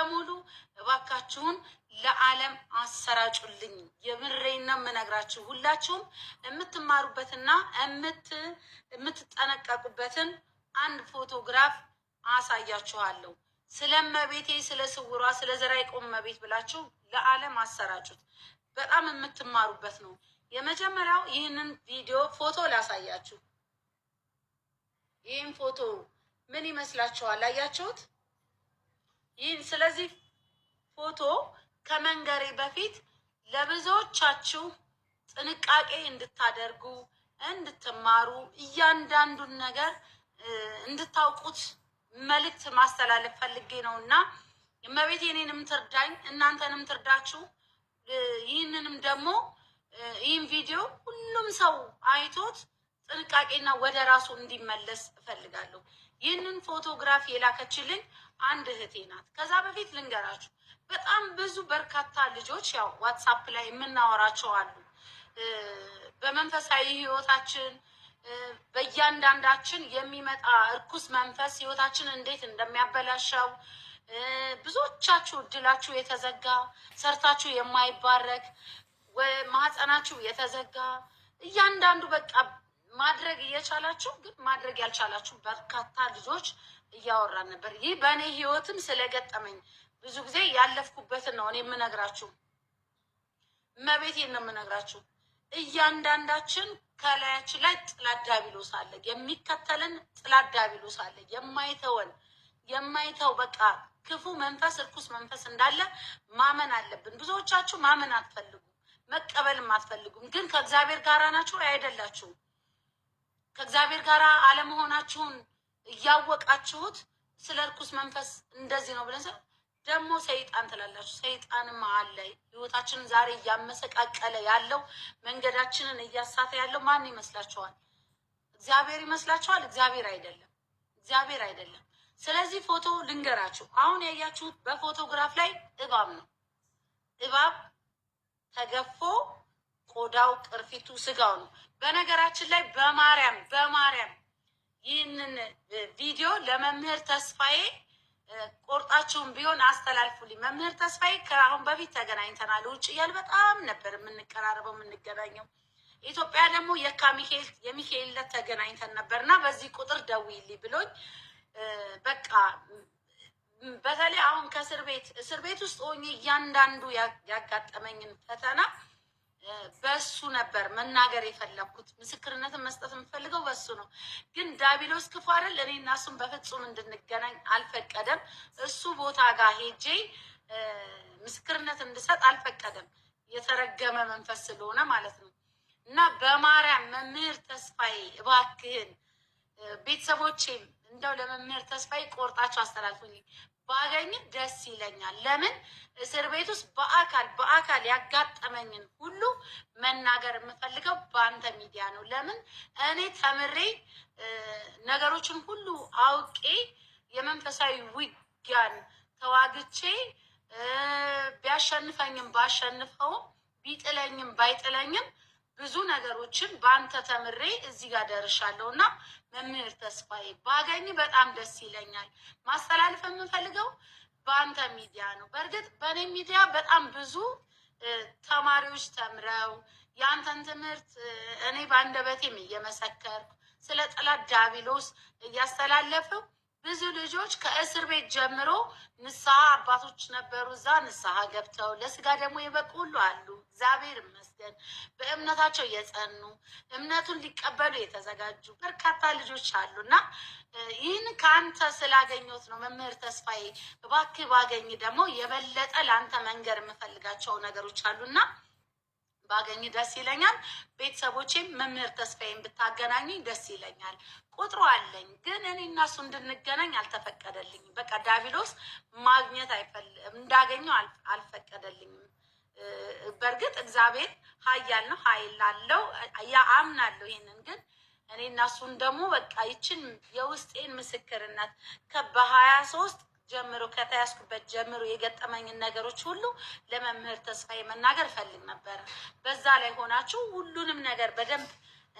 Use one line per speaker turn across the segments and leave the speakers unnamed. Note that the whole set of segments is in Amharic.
በሙሉ እባካችሁን ለዓለም አሰራጩልኝ። የምሬን ነው የምነግራችሁ። ሁላችሁም የምትማሩበትና የምትጠነቀቁበትን አንድ ፎቶግራፍ አሳያችኋለሁ። ስለ እመቤቴ፣ ስለ ስውሯ፣ ስለ የቆም እመቤት ብላችሁ ለዓለም አሰራጩት። በጣም የምትማሩበት ነው። የመጀመሪያው ይህንን ቪዲዮ ፎቶ ላሳያችሁ። ይህን ፎቶ ምን ይመስላችኋል? አያችሁት? ይስለዚህ ስለዚህ ፎቶ ከመንገሬ በፊት ለብዙዎቻችሁ ጥንቃቄ እንድታደርጉ እንድትማሩ እያንዳንዱን ነገር እንድታውቁት መልእክት ማስተላለፍ ፈልጌ ነው እና እመቤት የኔንም ትርዳኝ እናንተንም ትርዳችሁ። ይህንንም ደግሞ ይህን ቪዲዮ ሁሉም ሰው አይቶት ጥንቃቄና ወደ ራሱ እንዲመለስ እፈልጋለሁ። ይህንን ፎቶግራፍ የላከችልኝ አንድ እህቴ ናት። ከዛ በፊት ልንገራችሁ በጣም ብዙ በርካታ ልጆች ያው ዋትሳፕ ላይ የምናወራቸው አሉ። በመንፈሳዊ ህይወታችን በእያንዳንዳችን የሚመጣ እርኩስ መንፈስ ህይወታችን እንዴት እንደሚያበላሸው ብዙዎቻችሁ እድላችሁ የተዘጋ ሰርታችሁ የማይባረክ ማህፀናችሁ የተዘጋ እያንዳንዱ በቃ ማድረግ እየቻላችሁ ግን ማድረግ ያልቻላችሁ በርካታ ልጆች እያወራን ነበር። ይህ በእኔ ህይወትም ስለገጠመኝ ብዙ ጊዜ ያለፍኩበትን ነው እኔ የምነግራችሁ፣ እመቤቴን ነው የምነግራችሁ። እያንዳንዳችን ከላያችን ላይ ጥላት ዲያብሎስ አለ፣ የሚከተልን ጥላት አለ፣ የማይተወን የማይተው በቃ ክፉ መንፈስ እርኩስ መንፈስ እንዳለ ማመን አለብን። ብዙዎቻችሁ ማመን አትፈልጉም፣ መቀበልም አትፈልጉም። ግን ከእግዚአብሔር ጋር ናችሁ አይደላችሁም። ከእግዚአብሔር ጋር አለመሆናችሁን እያወቃችሁት ስለ እርኩስ መንፈስ እንደዚህ ነው ብለን ደግሞ ሰይጣን ትላላችሁ። ሰይጣንም አለ። ህይወታችንን ዛሬ እያመሰቃቀለ ያለው መንገዳችንን እያሳተ ያለው ማን ይመስላችኋል? እግዚአብሔር ይመስላችኋል? እግዚአብሔር አይደለም። እግዚአብሔር አይደለም። ስለዚህ ፎቶ ልንገራችሁ። አሁን ያያችሁት በፎቶግራፍ ላይ እባብ ነው። እባብ ተገፎ ቆዳው፣ ቅርፊቱ፣ ስጋው ነው። በነገራችን ላይ በማርያም በማርያም ይህንን ቪዲዮ ለመምህር ተስፋዬ ቆርጣችሁን ቢሆን አስተላልፉልኝ። መምህር ተስፋዬ ከአሁን በፊት ተገናኝተናል። ውጭ እያል በጣም ነበር የምንቀራረበው የምንገናኘው። ኢትዮጵያ ደግሞ የካ ሚካኤል የሚካኤል ተገናኝተን ነበር እና በዚህ ቁጥር ደውይልኝ ብሎኝ በቃ በተለይ አሁን ከእስር ቤት እስር ቤት ውስጥ ሆኜ እያንዳንዱ ያጋጠመኝን ፈተና በሱ ነበር መናገር የፈለኩት። ምስክርነትን መስጠት የምፈልገው በሱ ነው። ግን ዳቢሎስ ክፉ አይደል? እኔ እና እሱን በፍጹም እንድንገናኝ አልፈቀደም። እሱ ቦታ ጋር ሄጄ ምስክርነት እንድሰጥ አልፈቀደም። የተረገመ መንፈስ ስለሆነ ማለት ነው። እና በማርያም መምህር ተስፋዬ እባክህን ቤተሰቦቼም እንደው ለመምህር ተስፋዬ ቆርጣቸው አስተላልፉልኝ። ባገኝ ደስ ይለኛል። ለምን እስር ቤት ውስጥ በአካል በአካል ያጋጠመኝን ሁሉ መናገር የምፈልገው በአንተ ሚዲያ ነው። ለምን እኔ ተምሬ ነገሮችን ሁሉ አውቄ የመንፈሳዊ ውጊያን ተዋግቼ ቢያሸንፈኝም ባሸንፈውም ቢጥለኝም ባይጥለኝም ብዙ ነገሮችን በአንተ ተምሬ እዚህ ጋር ደርሻለሁ እና መምህር ተስፋዬ ባገኝ በጣም ደስ ይለኛል። ማስተላለፍ የምንፈልገው በአንተ ሚዲያ ነው። በእርግጥ በእኔ ሚዲያ በጣም ብዙ ተማሪዎች ተምረው የአንተን ትምህርት እኔ በአንደበቴም እየመሰከርኩ ስለ ጠላት ዳቢሎስ እያስተላለፈው ብዙ ልጆች ከእስር ቤት ጀምሮ ንስሐ አባቶች ነበሩ። እዛ ንስሐ ገብተው ለስጋ ደግሞ የበቁ ሁሉ አሉ። እግዚአብሔር ይመስገን። በእምነታቸው የጸኑ እምነቱን ሊቀበሉ የተዘጋጁ በርካታ ልጆች አሉ እና ይህን ከአንተ ስላገኘሁት ነው መምህር ተስፋዬ። እባክህ ባገኝ ደግሞ የበለጠ ለአንተ መንገር የምፈልጋቸው ነገሮች አሉና ባገኝ ደስ ይለኛል። ቤተሰቦቼም መምህር ተስፋዬን ብታገናኙኝ ደስ ይለኛል። ቁጥሩ አለኝ፣ ግን እኔ እናሱ እንድንገናኝ አልተፈቀደልኝም። በቃ ዳቪሎስ ማግኘት እንዳገኘው አልፈቀደልኝም። በእርግጥ እግዚአብሔር ኃያል ነው፣ ኃይል ያ አምናለሁ። ይህንን ግን እኔ እናሱን ደግሞ በቃ ይችን የውስጤን ምስክርነት በሀያ ሶስት ጀምሮ ከተያዝኩበት ጀምሮ የገጠመኝን ነገሮች ሁሉ ለመምህር ተስፋዬ መናገር ፈልግ ነበረ። በዛ ላይ ሆናችሁ ሁሉንም ነገር በደንብ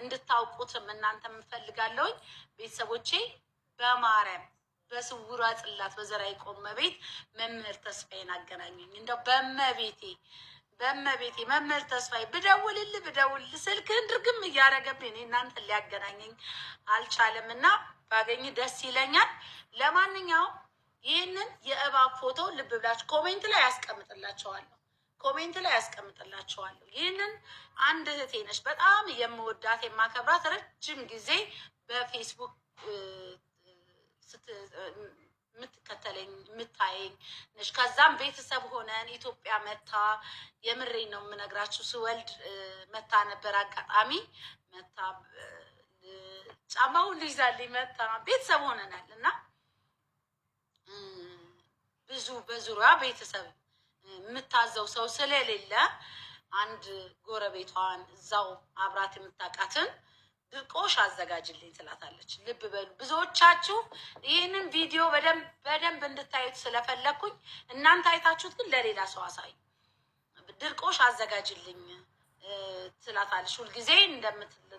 እንድታውቁትም እናንተ የምፈልጋለውኝ ቤተሰቦቼ በማርያም በስውሯ ጽላት በዘራ የቆመ ቤት መምህር ተስፋዬን አገናኙኝ። እንደው በመቤቴ በመቤቴ መምህር ተስፋዬ ብደውልል ብደውል ስልክህን ድርግም እያደረገብኝ እናንተን ሊያገናኘኝ አልቻለም እና ባገኝ ደስ ይለኛል። ለማንኛውም ይህንን የእባብ ፎቶ ልብ ብላችሁ ኮሜንት ላይ ያስቀምጥላቸዋለሁ ኮሜንት ላይ ያስቀምጥላቸዋለሁ። ይህንን አንድ እህቴ ነች፣ በጣም የምወዳት የማከብራት፣ ረጅም ጊዜ በፌስቡክ የምትከተለኝ የምታየኝ ነች። ከዛም ቤተሰብ ሆነን ኢትዮጵያ መታ፣ የምሬን ነው የምነግራችሁ፣ ስወልድ መታ ነበር። አጋጣሚ መታ ጫማውን ሁሉ መታ፣ ቤተሰብ ሆነናል እና ብዙ በዙሪያ ቤተሰብ የምታዘው ሰው ስለሌለ አንድ ጎረቤቷን እዛው አብራት የምታውቃትን ድርቆሽ አዘጋጅልኝ ትላታለች። ልብ በሉ ብዙዎቻችሁ ይህንን ቪዲዮ በደንብ በደንብ እንድታዩት ስለፈለግኩኝ እናንተ አይታችሁት፣ ግን ለሌላ ሰው አሳይ ድርቆሽ አዘጋጅልኝ ትላታለች። ሁልጊዜ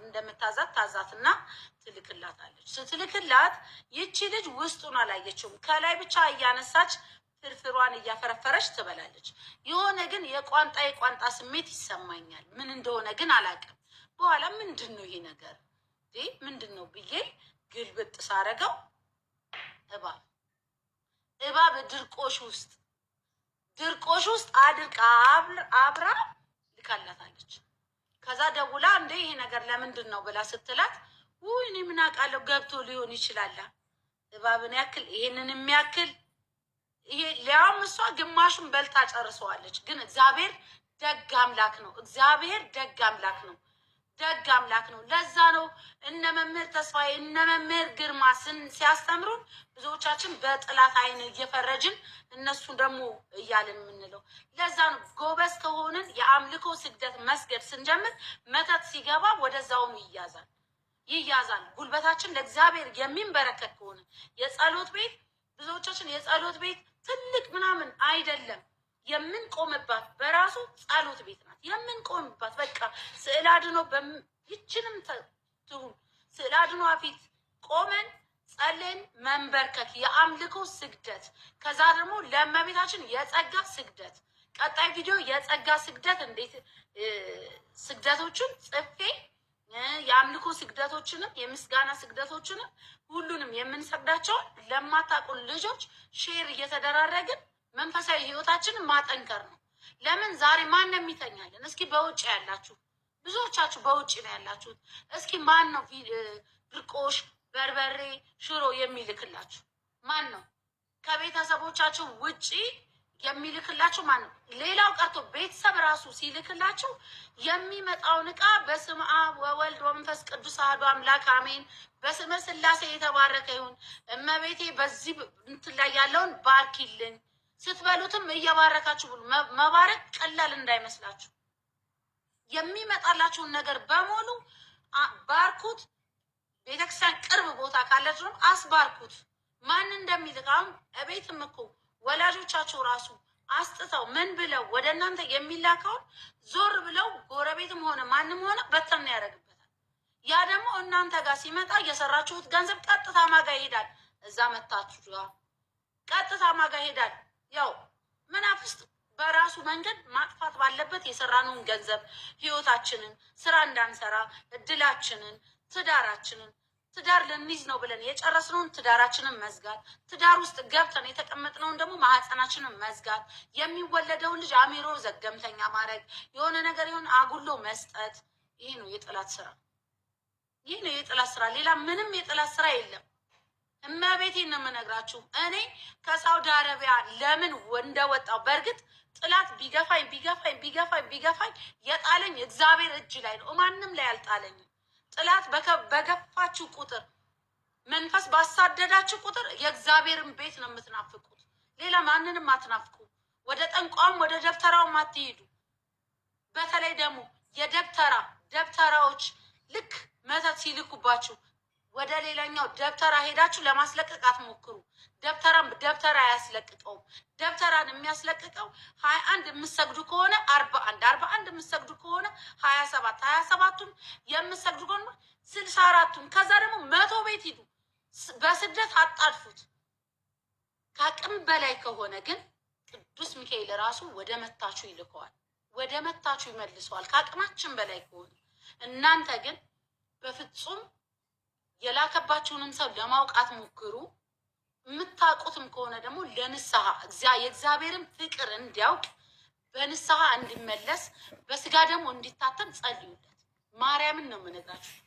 እንደምታዛት ታዛትና ትልክላታለች። ስትልክላት ይቺ ልጅ ውስጡን አላየችውም። ከላይ ብቻ እያነሳች ፍርፍሯን እያፈረፈረች ትበላለች። የሆነ ግን የቋንጣ የቋንጣ ስሜት ይሰማኛል። ምን እንደሆነ ግን አላውቅም። በኋላ ምንድን ነው ይሄ ነገር ምንድን ነው ብዬ ግልብጥ ሳረገው እባብ እባብ ድርቆሽ ውስጥ ድርቆሽ ውስጥ አድርቃ አብራ ትቃላታለች። ከዛ ደውላ እንደ ይሄ ነገር ለምንድን ነው ብላ ስትላት ውይ እኔ ምን አውቃለሁ ገብቶ ሊሆን ይችላል እባብን ያክል ይሄንን የሚያክል ይሄ ሊያውም እሷ ግማሹን በልታ ጨርሰዋለች። ግን እግዚአብሔር ደግ አምላክ ነው። እግዚአብሔር ደግ አምላክ ነው። ደግ አምላክ ነው። ለዛ ነው እነ መምህር ተስፋዬ እነ መምህር ግርማ ሲያስተምሩን ብዙዎቻችን በጥላት አይን እየፈረጅን እነሱ ደግሞ እያልን የምንለው ለዛ ነው። ጎበዝ ከሆንን የአምልኮ ስግደት መስገድ ስንጀምር መተት ሲገባ ወደዛውም ይያዛል ይያዛል። ጉልበታችን ለእግዚአብሔር የሚንበረከት ከሆነ የጸሎት ቤት ብዙዎቻችን የጸሎት ቤት ትልቅ ምናምን አይደለም የምንቆምባት በራሱ ጸሎት ቤት ናት። የምንቆምባት በቃ ስዕል አድኖ ይችንም ትሁን ስዕል አድኗ ፊት ቆመን ጸልን መንበርከክ የአምልኮ ስግደት፣ ከዛ ደግሞ ለእመቤታችን የጸጋ ስግደት። ቀጣይ ቪዲዮ የጸጋ ስግደት እንዴት ስግደቶችን ጽፌ የአምልኮ ስግደቶችንም የምስጋና ስግደቶችንም ሁሉንም የምንሰግዳቸውን ለማታቁ ልጆች ሼር እየተደራረግን መንፈሳዊ ህይወታችንን ማጠንከር ነው። ለምን ዛሬ ማን ነው የሚተኛለን? እስኪ በውጭ ያላችሁ ብዙዎቻችሁ በውጭ ነው ያላችሁት። እስኪ ማን ነው ድርቆሽ፣ በርበሬ፣ ሽሮ የሚልክላችሁ ማን ነው? ከቤተሰቦቻችሁ ውጪ የሚልክላችሁ ማን ነው? ሌላው ቀርቶ ቤተሰብ ራሱ ሲልክላችሁ የሚመጣውን እቃ በስመ አብ ወወልድ ወመንፈስ ቅዱስ አሐዱ አምላክ አሜን። በስመ ስላሴ የተባረከ ይሁን። እመቤቴ በዚህ እንትን ላይ ያለውን ባርኪልን ስትበሉትም እየባረካችሁ ብሉ። መባረክ ቀላል እንዳይመስላችሁ። የሚመጣላችሁን ነገር በሙሉ ባርኩት። ቤተክርስቲያን ቅርብ ቦታ ካላችሁም አስባርኩት። ማን እንደሚልክ አሁን እቤትም እኮ ወላጆቻችሁ ራሱ አስጥተው ምን ብለው ወደ እናንተ የሚላከውን ዞር ብለው ጎረቤትም ሆነ ማንም ሆነ በተን ያደረግበታል። ያ ደግሞ እናንተ ጋር ሲመጣ የሰራችሁት ገንዘብ ቀጥታ ማጋ ይሄዳል። እዛ መታችሁ ቀጥታ ማጋ ይሄዳል። ያው መናፍስት በራሱ መንገድ ማጥፋት ባለበት የሰራነውን ገንዘብ፣ ህይወታችንን፣ ስራ እንዳንሰራ እድላችንን፣ ትዳራችንን ትዳር ለሚይዝ ነው ብለን የጨረስነውን ትዳራችንን መዝጋት፣ ትዳር ውስጥ ገብተን የተቀመጥነውን ደግሞ ማህፀናችንን መዝጋት፣ የሚወለደውን ልጅ አሚሮ ዘገምተኛ ማድረግ፣ የሆነ ነገር የሆነ አጉሎ መስጠት፣ ይህ ነው የጠላት ስራ። ይህ ነው የጠላት ስራ። ሌላ ምንም የጠላት ስራ የለም። እመቤቴ ነው የምነግራችሁ። እኔ ከሳውዲ አረቢያ ለምን እንደወጣው በእርግጥ ጥላት ቢገፋኝ ቢገፋኝ ቢገፋኝ ቢገፋኝ የጣለኝ እግዚአብሔር እጅ ላይ ነው። ማንም ላይ አልጣለኝም። ጥላት በገፋችሁ ቁጥር፣ መንፈስ ባሳደዳችሁ ቁጥር የእግዚአብሔርን ቤት ነው የምትናፍቁት። ሌላ ማንንም አትናፍቁ። ወደ ጠንቋም ወደ ደብተራውም አትሄዱ። በተለይ ደግሞ የደብተራ ደብተራዎች ልክ መተት ሲልኩባችሁ ወደ ሌላኛው ደብተራ ሄዳችሁ ለማስለቀቅ አትሞክሩ። ደብተራን ደብተራ አያስለቅቀውም። ደብተራን የሚያስለቅቀው ሀያ አንድ የምሰግዱ ከሆነ አርባ አንድ አርባ አንድ የምሰግዱ ከሆነ ሀያ ሰባት ሀያ የምሰግዱ ከሆነ ስልሳ አራቱን ከዛ ደግሞ መቶ ቤት ሂዱ። በስደት አጣድፉት። ከአቅም በላይ ከሆነ ግን ቅዱስ ሚካኤል ራሱ ወደ መታችሁ ይልከዋል፣ ወደ መታችሁ ይመልሰዋል። ከአቅማችን በላይ ከሆነ እናንተ ግን በፍጹም የላከባችሁንም ሰው ለማውቃት ሞክሩ የምታውቁትም ከሆነ ደግሞ ለንስሐ የእግዚአብሔርን ፍቅር እንዲያውቅ በንስሐ እንዲመለስ በስጋ ደግሞ እንዲታተም ጸልዩለት። ማርያምን ነው የምነግራችሁ።